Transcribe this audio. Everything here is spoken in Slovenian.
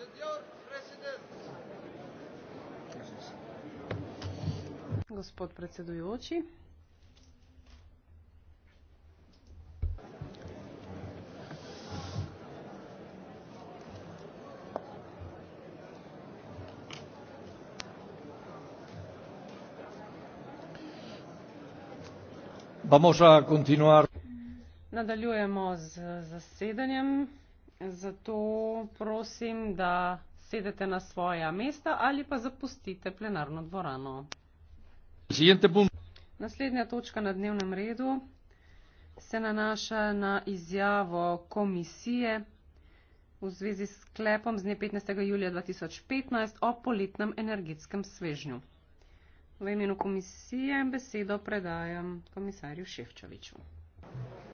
bahsediyor presidir. Gospod predsedujoči. Vamos a continuar. Nadaljujemo z zasedanjem. Zato prosim, da sedete na svoja mesta ali pa zapustite plenarno dvorano. Naslednja točka na dnevnem redu se nanaša na izjavo komisije v zvezi s sklepom z dne 15. julija 2015 o poletnem energetskem svežnju. V imenu komisije besedo predajam komisarju Ševčoviču.